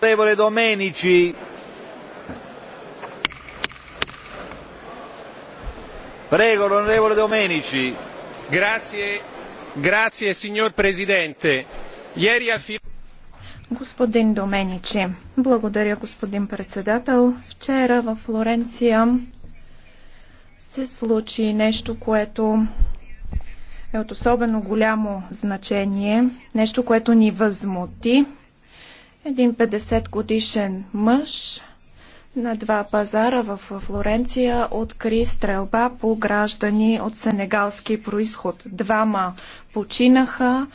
Onorevole Domenici. Prego, l'onorevole Domenici. Grazie, grazie signor Presidente. Ieri a Господин Доменичи, благодаря господин председател. Вчера във Флоренция се случи нещо, което е от особено голямо значение, нещо, което ни възмути, един 50 годишен мъж на два пазара в Флоренция откри стрелба по граждани от сенегалски происход. Двама починаха,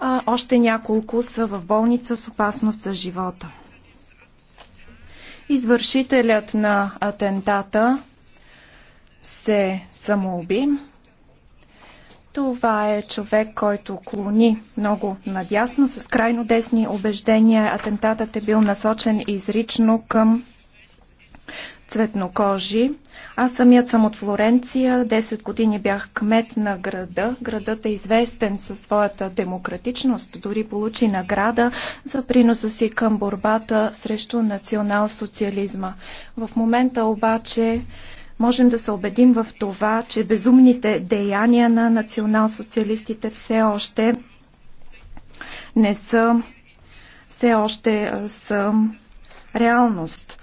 а още няколко са в болница с опасност за живота. Извършителят на атентата се самоуби. Това е човек, който клони много надясно, с крайно десни убеждения. Атентатът е бил насочен изрично към цветнокожи. Аз самият съм от Флоренция. 10 години бях кмет на града. Градът е известен със своята демократичност. Дори получи награда за приноса си към борбата срещу национал-социализма. В момента обаче можем да се убедим в това, че безумните деяния на национал-социалистите все още не са, все още са реалност.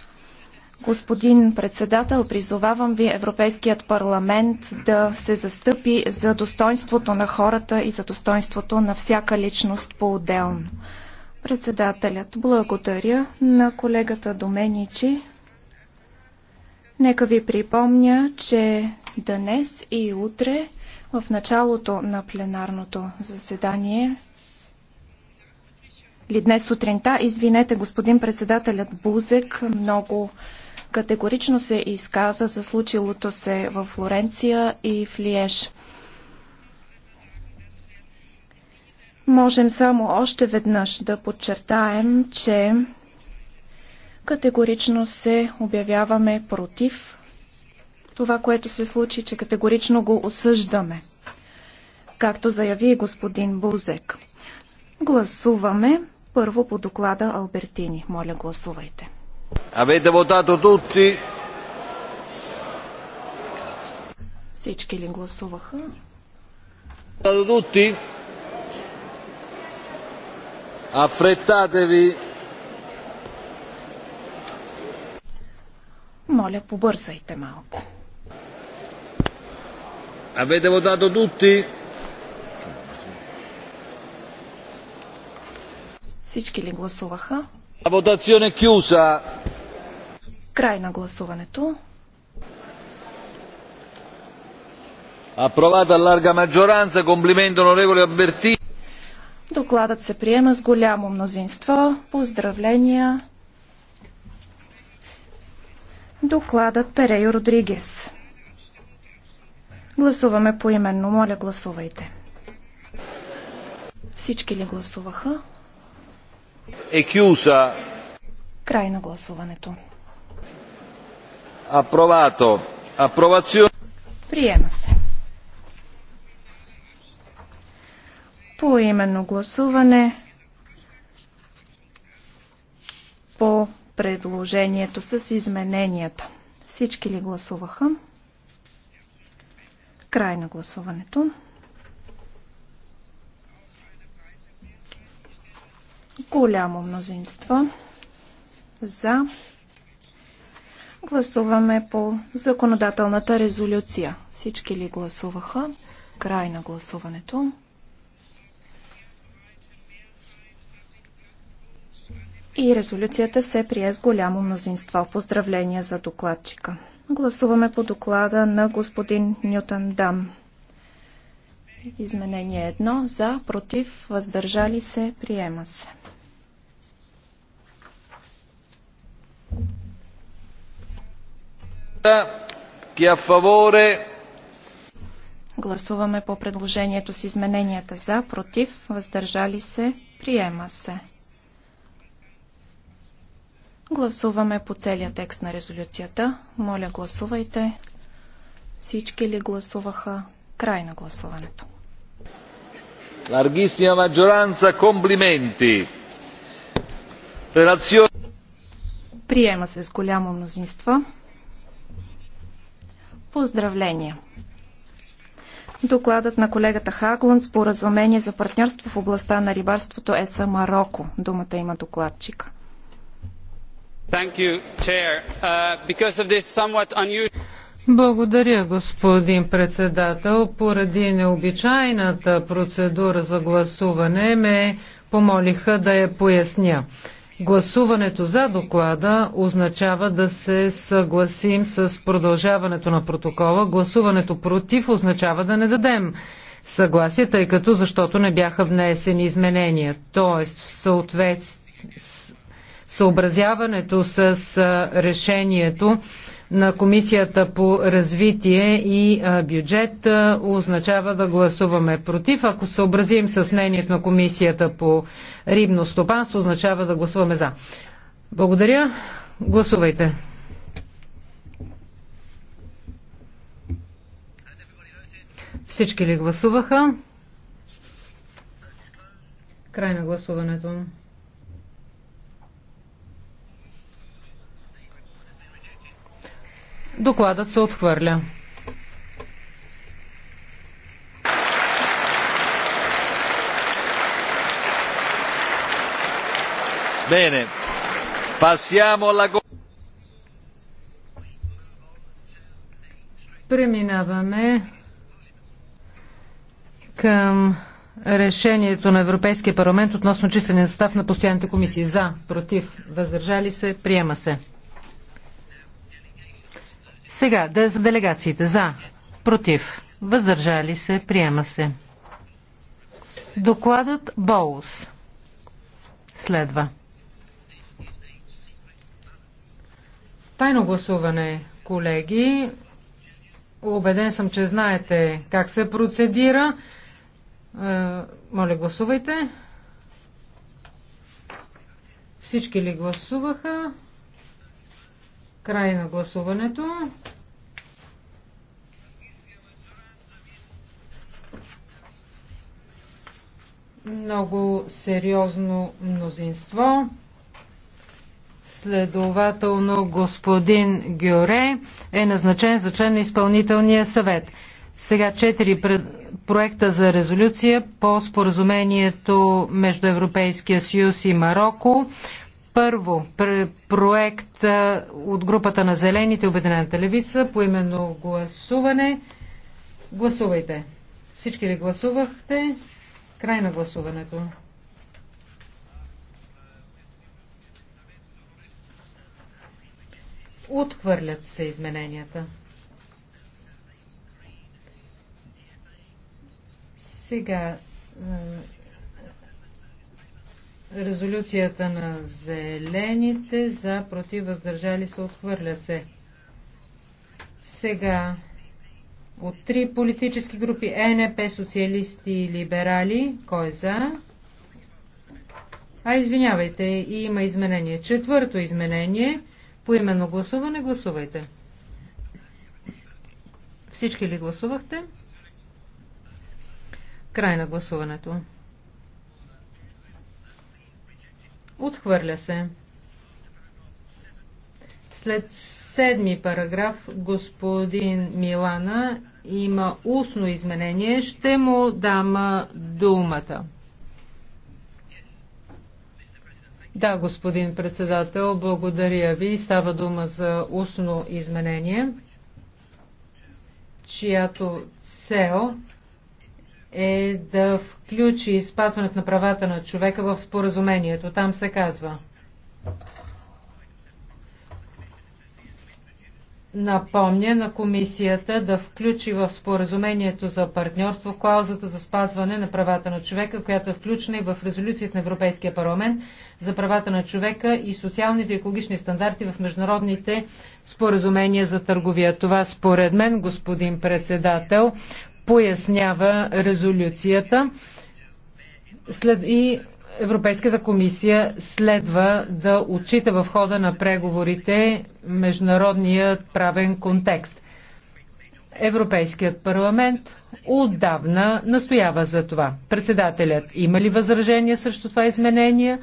Господин председател, призовавам ви Европейският парламент да се застъпи за достоинството на хората и за достоинството на всяка личност по-отделно. Председателят, благодаря на колегата Доменичи. Нека ви припомня, че днес и утре в началото на пленарното заседание ли днес сутринта, извинете, господин председателят Бузек много категорично се изказа за случилото се в Флоренция и в Лиеж. Можем само още веднъж да подчертаем, че Категорично се обявяваме против това, което се случи, че категорично го осъждаме, както заяви господин Бузек. Гласуваме първо по доклада Албертини. Моля, гласувайте. Avete votato tutti? Всички ли гласуваха? Афретате ви. Моля, побързайте малко. Avete votato tutti? Всички ли гласуваха? La votazione chiusa. Край на гласуването. Approvata a larga maggioranza. Complimento onorevole Albertini. Докладът се приема с голямо мнозинство. Поздравления Докладът Перейо Родригес. Гласуваме поименно. Моля, гласувайте. Всички ли гласуваха? Екюса. Край на гласуването. Апровато. Апровацио. Приема се. По именно гласуване по предложението с измененията. Всички ли гласуваха? Край на гласуването. Голямо мнозинство за. Гласуваме по законодателната резолюция. Всички ли гласуваха? Край на гласуването. И резолюцията се прие с голямо мнозинство. Поздравления за докладчика. Гласуваме по доклада на господин Нютон Дам. Изменение едно. За, против, въздържали се, приема се. Е Гласуваме по предложението с измененията за, против, въздържали се, приема се. Гласуваме по целия текст на резолюцията. Моля, гласувайте. Всички ли гласуваха? Край на гласуването. Larghissima maggioranza, комплименти. Relazione... Приема се с голямо мнозинство. Поздравления! Докладът на колегата Хагланд споразумение за партньорство в областта на рибарството ЕСА Марокко. Думата има докладчика. Uh, Благодаря, господин председател. Поради необичайната процедура за гласуване ме помолиха да я поясня. Гласуването за доклада означава да се съгласим с продължаването на протокола. Гласуването против означава да не дадем съгласие, тъй като защото не бяха внесени изменения. Тоест, в съответствие съобразяването с решението на Комисията по развитие и бюджет означава да гласуваме против. Ако съобразим с мнението на Комисията по рибно стопанство, означава да гласуваме за. Благодаря. Гласувайте. Всички ли гласуваха? Край на гласуването. Докладът се отхвърля. Bene. Passiamo alla... Преминаваме към решението на Европейския парламент относно числения състав на постоянните комисии. За, против, въздържали се, приема се. Сега, да за делегациите. За, против, въздържали се, приема се. Докладът Боус следва. Тайно гласуване, колеги. Обеден съм, че знаете как се процедира. Е, моля, гласувайте. Всички ли гласуваха? Край на гласуването. много сериозно мнозинство. Следователно господин Гюре е назначен за член на изпълнителния съвет. Сега четири проекта за резолюция по споразумението между Европейския съюз и Марокко. Първо, проект от групата на Зелените Обединената левица по именно гласуване. Гласувайте. Всички ли гласувахте? Край на гласуването. Отхвърлят се измененията. Сега резолюцията на зелените за против въздържали се отхвърля се. Сега от три политически групи ЕНП, е социалисти и либерали. Кой е за? А, извинявайте, и има изменение. Четвърто изменение. По именно гласуване гласувайте. Всички ли гласувахте? Край на гласуването. Отхвърля се. След седми параграф господин Милана има устно изменение. Ще му дам думата. Да, господин председател, благодаря ви. Става дума за устно изменение, чиято цел е да включи спазването на правата на човека в споразумението. Там се казва. напомня на комисията да включи в споразумението за партньорство клаузата за спазване на правата на човека, която е включена и в резолюцията на Европейския парламент за правата на човека и социалните и екологични стандарти в международните споразумения за търговия. Това според мен, господин председател, пояснява резолюцията. След и Европейската комисия следва да отчита в хода на преговорите международният правен контекст. Европейският парламент отдавна настоява за това. Председателят има ли възражение срещу това изменение?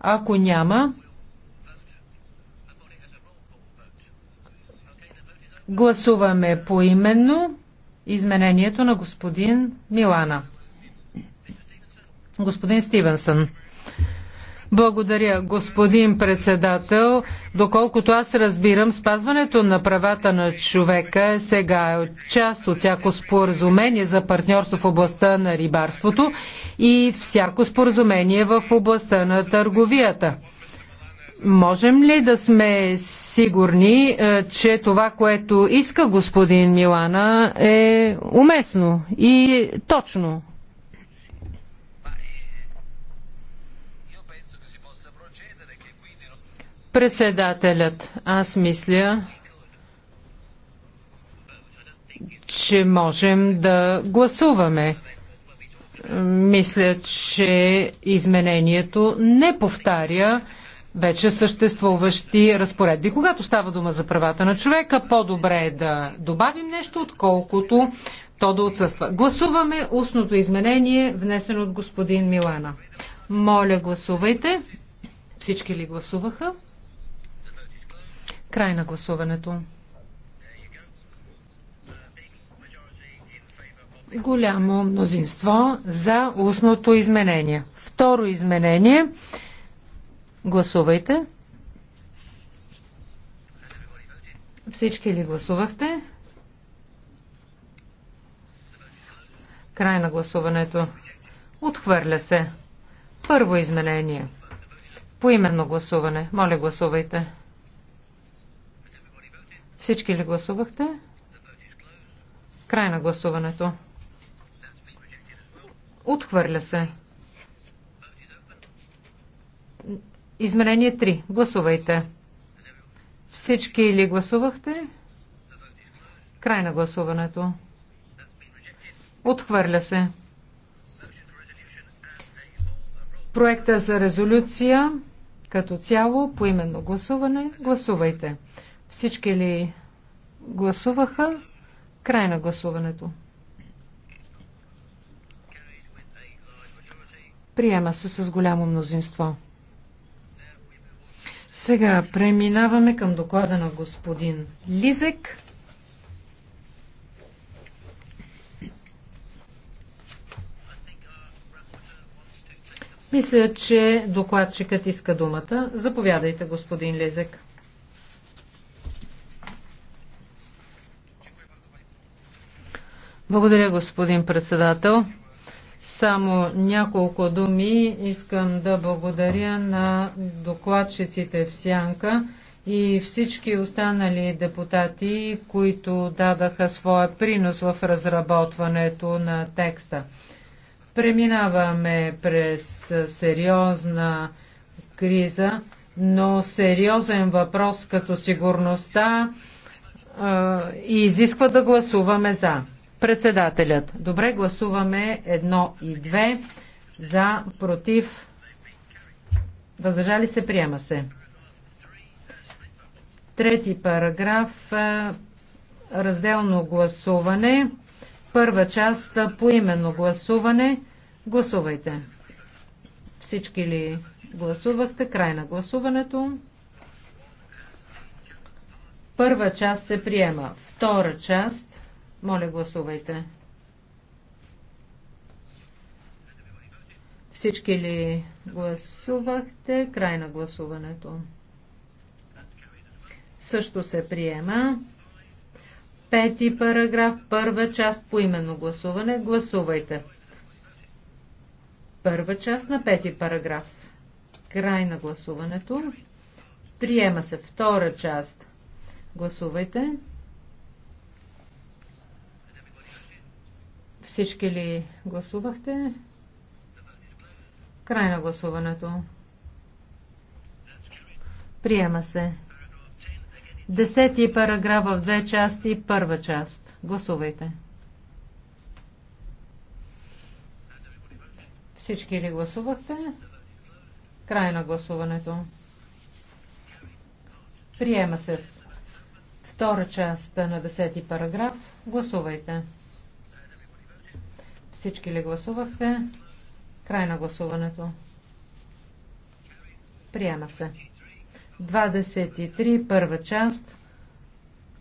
Ако няма, гласуваме поименно изменението на господин Милана. Господин Стивенсън. Благодаря, господин председател. Доколкото аз разбирам, спазването на правата на човека е сега е част от всяко споразумение за партньорство в областта на рибарството и всяко споразумение в областта на търговията. Можем ли да сме сигурни, е, че това, което иска господин Милана, е уместно и точно? Председателят, аз мисля, че можем да гласуваме. Мисля, че изменението не повтаря вече съществуващи разпоредби. Когато става дума за правата на човека, по-добре е да добавим нещо, отколкото то да отсъства. Гласуваме устното изменение, внесено от господин Милана. Моля, гласувайте. Всички ли гласуваха? Край на гласуването. Голямо мнозинство за устното изменение. Второ изменение. Гласувайте. Всички ли гласувахте? Край на гласуването. Отхвърля се. Първо изменение. Поименно гласуване. Моля, гласувайте. Всички ли гласувахте? Край на гласуването. Отхвърля се. Измерение 3. Гласувайте. Всички ли гласувахте? Край на гласуването. Отхвърля се. Проекта за резолюция като цяло по именно гласуване. Гласувайте. Всички ли гласуваха? Край на гласуването. Приема се с голямо мнозинство. Сега преминаваме към доклада на господин Лизек. Мисля, че докладчикът иска думата. Заповядайте, господин Лизек. Благодаря, господин председател. Само няколко думи. Искам да благодаря на докладчиците в Сянка и всички останали депутати, които дадаха своя принос в разработването на текста. Преминаваме през сериозна криза, но сериозен въпрос като сигурността и изисква да гласуваме за. Председателят. Добре, гласуваме едно и две. За, против, въздържали се, приема се. Трети параграф. Е, разделно гласуване. Първа част е, по именно гласуване. Гласувайте. Всички ли гласувахте? Край на гласуването. Първа част се приема. Втора част моля, гласувайте. Всички ли гласувахте? Край на гласуването. Също се приема. Пети параграф, първа част по именно гласуване. Гласувайте. Първа част на пети параграф. Край на гласуването. Приема се втора част. Гласувайте. Всички ли гласувахте? Край на гласуването. Приема се. Десети параграф в две части, първа част. Гласувайте. Всички ли гласувахте? Край на гласуването. Приема се втора част на десети параграф. Гласувайте. Всички ли гласувахте? Край на гласуването. Приема се. 23, първа част.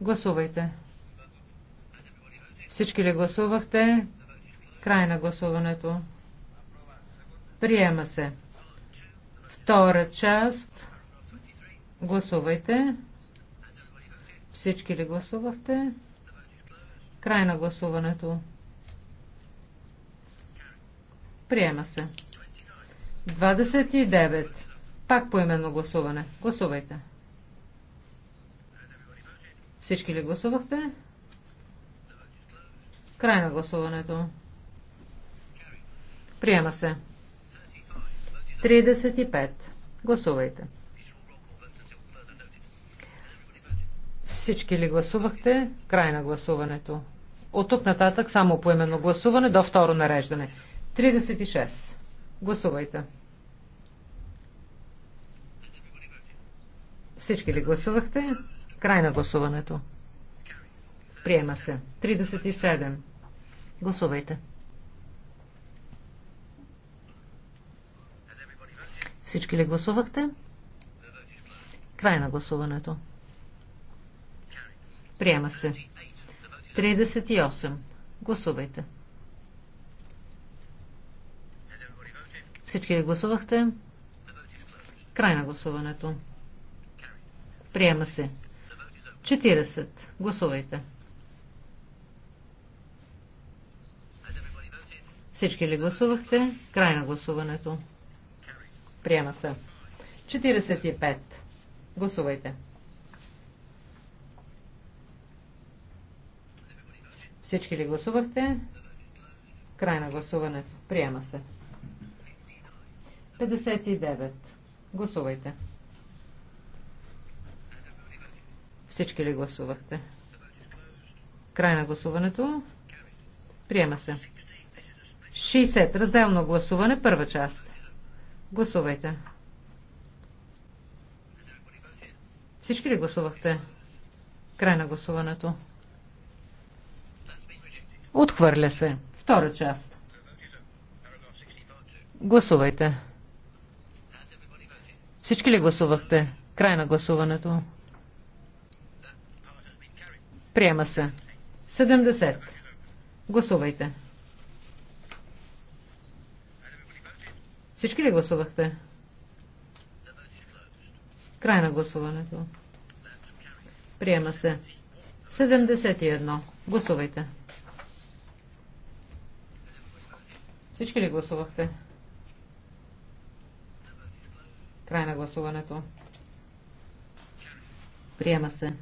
Гласувайте. Всички ли гласувахте? Край на гласуването. Приема се. Втора част. Гласувайте. Всички ли гласувахте? Край на гласуването. Приема се. 29. Пак по именно гласуване. Гласувайте. Всички ли гласувахте? Край на гласуването. Приема се. 35. Гласувайте. Всички ли гласувахте? Край на гласуването. От тук нататък само поименно гласуване до второ нареждане. 36. Гласувайте. Всички ли гласувахте? Край на гласуването. Приема се. 37. Гласувайте. Всички ли гласувахте? Край на гласуването. Приема се. 38. Гласувайте. Всички ли гласувахте? Край на гласуването. Приема се. 40. Гласувайте. Всички ли гласувахте? Край на гласуването. Приема се. 45. Гласувайте. Всички ли гласувахте? Край на гласуването. Приема се. 59. Гласувайте. Всички ли гласувахте? Край на гласуването. Приема се. 60. Разделно гласуване. Първа част. Гласувайте. Всички ли гласувахте? Край на гласуването. Отхвърля се. Втора част. Гласувайте. Всички ли гласувахте? Край на гласуването. Приема се. 70. Гласувайте. Всички ли гласувахте? Край на гласуването. Приема се. 71. Гласувайте. Всички ли гласувахте? Край на гласуването. Приема се.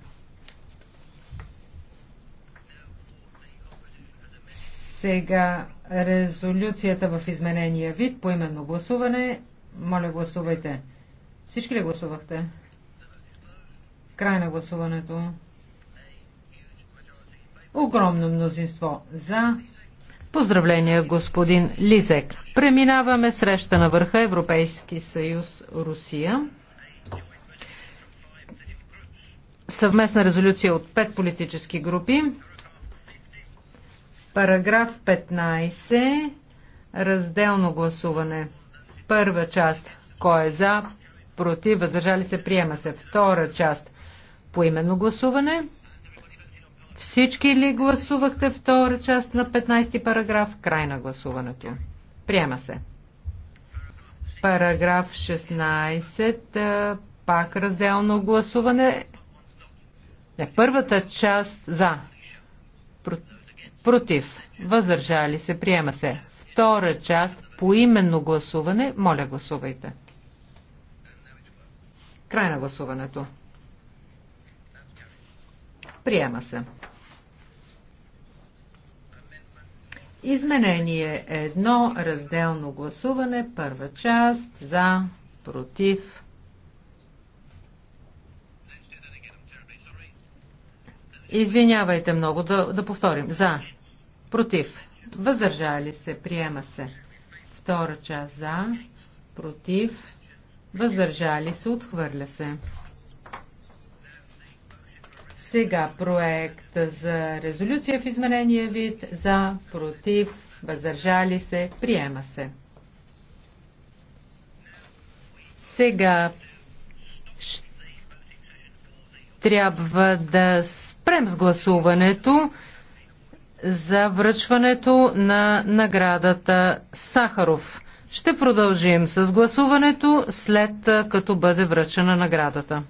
Сега резолюцията в изменения вид по именно гласуване. Моля, гласувайте. Всички ли гласувахте? Край на гласуването. Огромно мнозинство за. Поздравления, господин Лизек. Преминаваме среща на върха Европейски съюз Русия. Съвместна резолюция от пет политически групи. Параграф 15. Разделно гласуване. Първа част. Кой е за? Против? Въздържали се? Приема се. Втора част. Поименно гласуване. Всички ли гласувахте втора част на 15 параграф? Край на гласуването. Приема се. Параграф 16. Пак разделно гласуване. Не, първата част за. Против. Въздържали се. Приема се. Втора част по именно гласуване. Моля, гласувайте. Край на гласуването. Приема се. Изменение едно, разделно гласуване, първа част, за, против. Извинявайте много, да, да повторим. За, против, въздържали се, приема се. Втора част за, против, въздържали се, отхвърля се. Сега проект за резолюция в изменения вид за, против, въздържали се, приема се. Сега трябва да спрем с гласуването за връчването на наградата Сахаров. Ще продължим с гласуването след като бъде връчена наградата.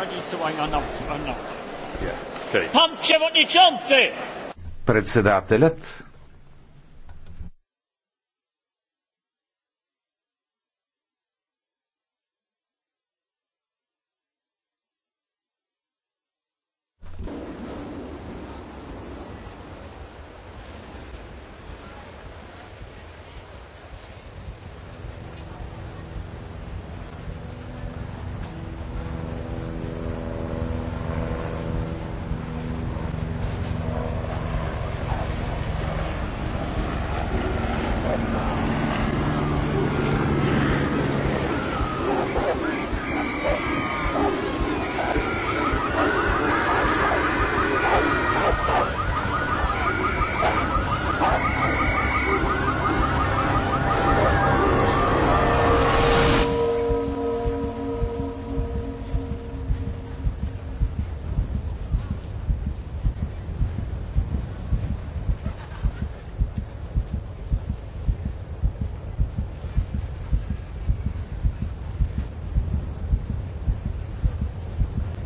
Председателят